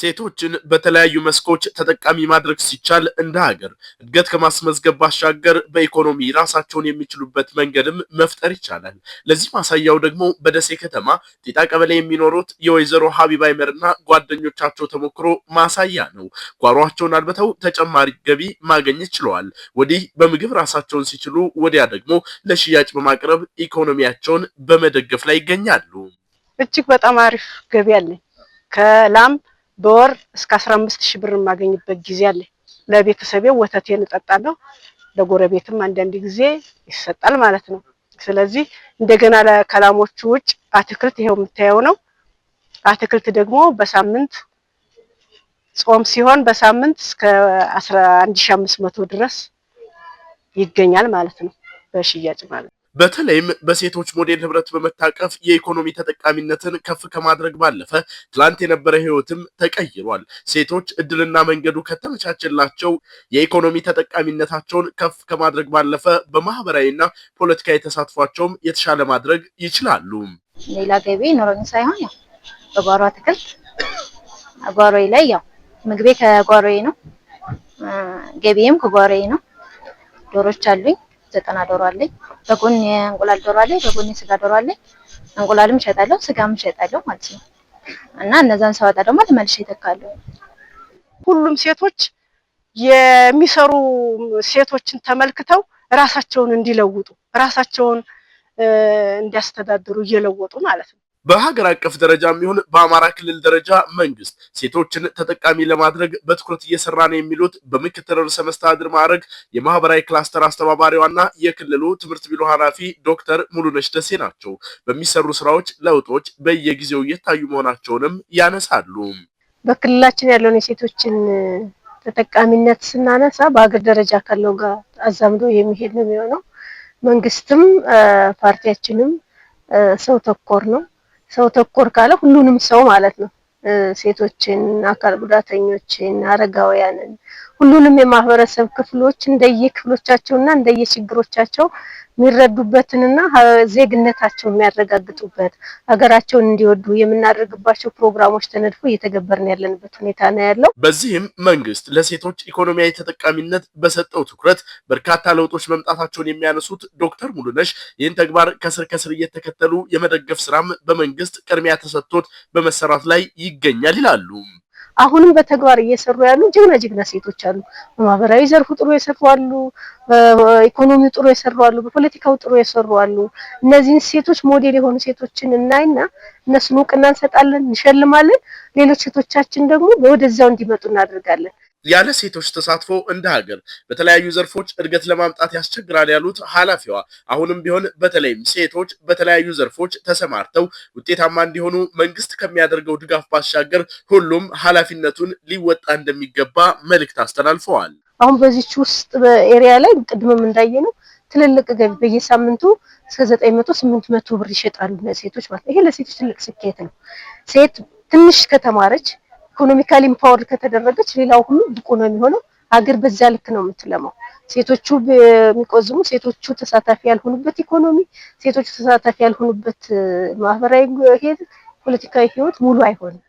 ሴቶችን በተለያዩ መስኮች ተጠቃሚ ማድረግ ሲቻል እንደ ሀገር እድገት ከማስመዝገብ ባሻገር በኢኮኖሚ ራሳቸውን የሚችሉበት መንገድም መፍጠር ይቻላል። ለዚህ ማሳያው ደግሞ በደሴ ከተማ ጤጣ ቀበሌ የሚኖሩት የወይዘሮ ሀቢባ ይመርና ጓደኞቻቸው ተሞክሮ ማሳያ ነው። ጓሯቸውን አልብተው ተጨማሪ ገቢ ማገኘት ችለዋል። ወዲህ በምግብ ራሳቸውን ሲችሉ፣ ወዲያ ደግሞ ለሽያጭ በማቅረብ ኢኮኖሚያቸውን በመደገፍ ላይ ይገኛሉ። እጅግ በጣም አሪፍ ገቢ አለኝ ከላም በወር እስከ 15 ሺህ ብር የማገኝበት ጊዜ አለ። ለቤተሰቤ ወተቴን እጠጣለሁ፣ ለጎረቤትም አንዳንድ ጊዜ ይሰጣል ማለት ነው። ስለዚህ እንደገና ከላሞቹ ውጭ አትክልት ይሄው የምታየው ነው። አትክልት ደግሞ በሳምንት ጾም ሲሆን በሳምንት እስከ 11500 ድረስ ይገኛል ማለት ነው በሽያጭ ማለት ነው። በተለይም በሴቶች ሞዴል ህብረት በመታቀፍ የኢኮኖሚ ተጠቃሚነትን ከፍ ከማድረግ ባለፈ ትላንት የነበረ ህይወትም ተቀይሯል። ሴቶች እድልና መንገዱ ከተመቻቸላቸው የኢኮኖሚ ተጠቃሚነታቸውን ከፍ ከማድረግ ባለፈ በማህበራዊና ፖለቲካዊ ተሳትፏቸውም የተሻለ ማድረግ ይችላሉ። ሌላ ገቢ ኖረኝ ሳይሆን ያው በጓሮ አትክልት ጓሮዬ ላይ ያው ምግቤ ከጓሮዬ ነው፣ ገቢም ከጓሮዬ ነው። ዶሮች አሉኝ። ዘጠና ዶሮ አለኝ። በጎን የእንቁላል ዶሮ አለኝ፣ በጎን የስጋ ዶሮ አለኝ። እንቁላልም እሸጣለሁ፣ ስጋም እሸጣለሁ ማለት ነው። እና እነዛን ሰዋጣ ደግሞ ተመልሼ ይተካለሁ። ሁሉም ሴቶች የሚሰሩ ሴቶችን ተመልክተው ራሳቸውን እንዲለውጡ ራሳቸውን እንዲያስተዳድሩ እየለወጡ ማለት ነው። በሀገር አቀፍ ደረጃ የሚሆን በአማራ ክልል ደረጃ መንግስት ሴቶችን ተጠቃሚ ለማድረግ በትኩረት እየሰራ ነው የሚሉት በምክትል ርዕሰ መስተዳድር ማዕረግ የማህበራዊ ክላስተር አስተባባሪዋና የክልሉ ትምህርት ቢሮ ኃላፊ ዶክተር ሙሉነሽ ደሴ ናቸው። በሚሰሩ ስራዎች ለውጦች በየጊዜው እየታዩ መሆናቸውንም ያነሳሉ። በክልላችን ያለውን የሴቶችን ተጠቃሚነት ስናነሳ በሀገር ደረጃ ካለው ጋር አዛምዶ የሚሄድ ነው የሚሆነው። መንግስትም ፓርቲያችንም ሰው ተኮር ነው ሰው ተኮር ካለ ሁሉንም ሰው ማለት ነው። ሴቶችን፣ አካል ጉዳተኞችን፣ አረጋውያንን ሁሉንም የማህበረሰብ ክፍሎች እንደየክፍሎቻቸው እና እንደየችግሮቻቸው የሚረዱበትንና ዜግነታቸው የሚያረጋግጡበት ሀገራቸውን እንዲወዱ የምናደርግባቸው ፕሮግራሞች ተነድፎ እየተገበርን ያለንበት ሁኔታ ነው ያለው። በዚህም መንግስት ለሴቶች ኢኮኖሚያዊ ተጠቃሚነት በሰጠው ትኩረት በርካታ ለውጦች መምጣታቸውን የሚያነሱት ዶክተር ሙሉነሽ ይህን ተግባር ከስር ከስር እየተከተሉ የመደገፍ ስራም በመንግስት ቅድሚያ ተሰጥቶት በመሰራት ላይ ይገኛል ይላሉ። አሁንም በተግባር እየሰሩ ያሉ ጀግና ጀግና ሴቶች አሉ። በማህበራዊ ዘርፉ ጥሩ የሰሩ አሉ። በኢኮኖሚው ጥሩ የሰሩ አሉ። በፖለቲካው ጥሩ የሰሩ አሉ። እነዚህን ሴቶች ሞዴል የሆኑ ሴቶችን እናይና እነሱን እውቅና እንሰጣለን፣ እንሸልማለን። ሌሎች ሴቶቻችን ደግሞ ወደዛው እንዲመጡ እናደርጋለን። ያለ ሴቶች ተሳትፎ እንደ ሀገር በተለያዩ ዘርፎች እድገት ለማምጣት ያስቸግራል ያሉት ኃላፊዋ አሁንም ቢሆን በተለይም ሴቶች በተለያዩ ዘርፎች ተሰማርተው ውጤታማ እንዲሆኑ መንግስት ከሚያደርገው ድጋፍ ባሻገር ሁሉም ኃላፊነቱን ሊወጣ እንደሚገባ መልእክት አስተላልፈዋል። አሁን በዚች ውስጥ በኤሪያ ላይ ቅድምም እንዳየ ነው ትልልቅ ገቢ በየሳምንቱ እስከ ዘጠኝ መቶ ስምንት መቶ ብር ይሸጣሉ ሴቶች ማለት ይሄ ለሴቶች ትልቅ ስኬት ነው። ሴት ትንሽ ከተማረች ኢኮኖሚካሊ ኢምፓወርድ ከተደረገች ሌላው ሁሉ ብቁ ነው የሚሆነው። ሀገር በዛ ልክ ነው የምትለማው። ሴቶቹ የሚቆዝሙ ሴቶቹ ተሳታፊ ያልሆኑበት ኢኮኖሚ፣ ሴቶቹ ተሳታፊ ያልሆኑበት ማህበራዊ ሄድ ፖለቲካዊ ህይወት ሙሉ አይሆንም።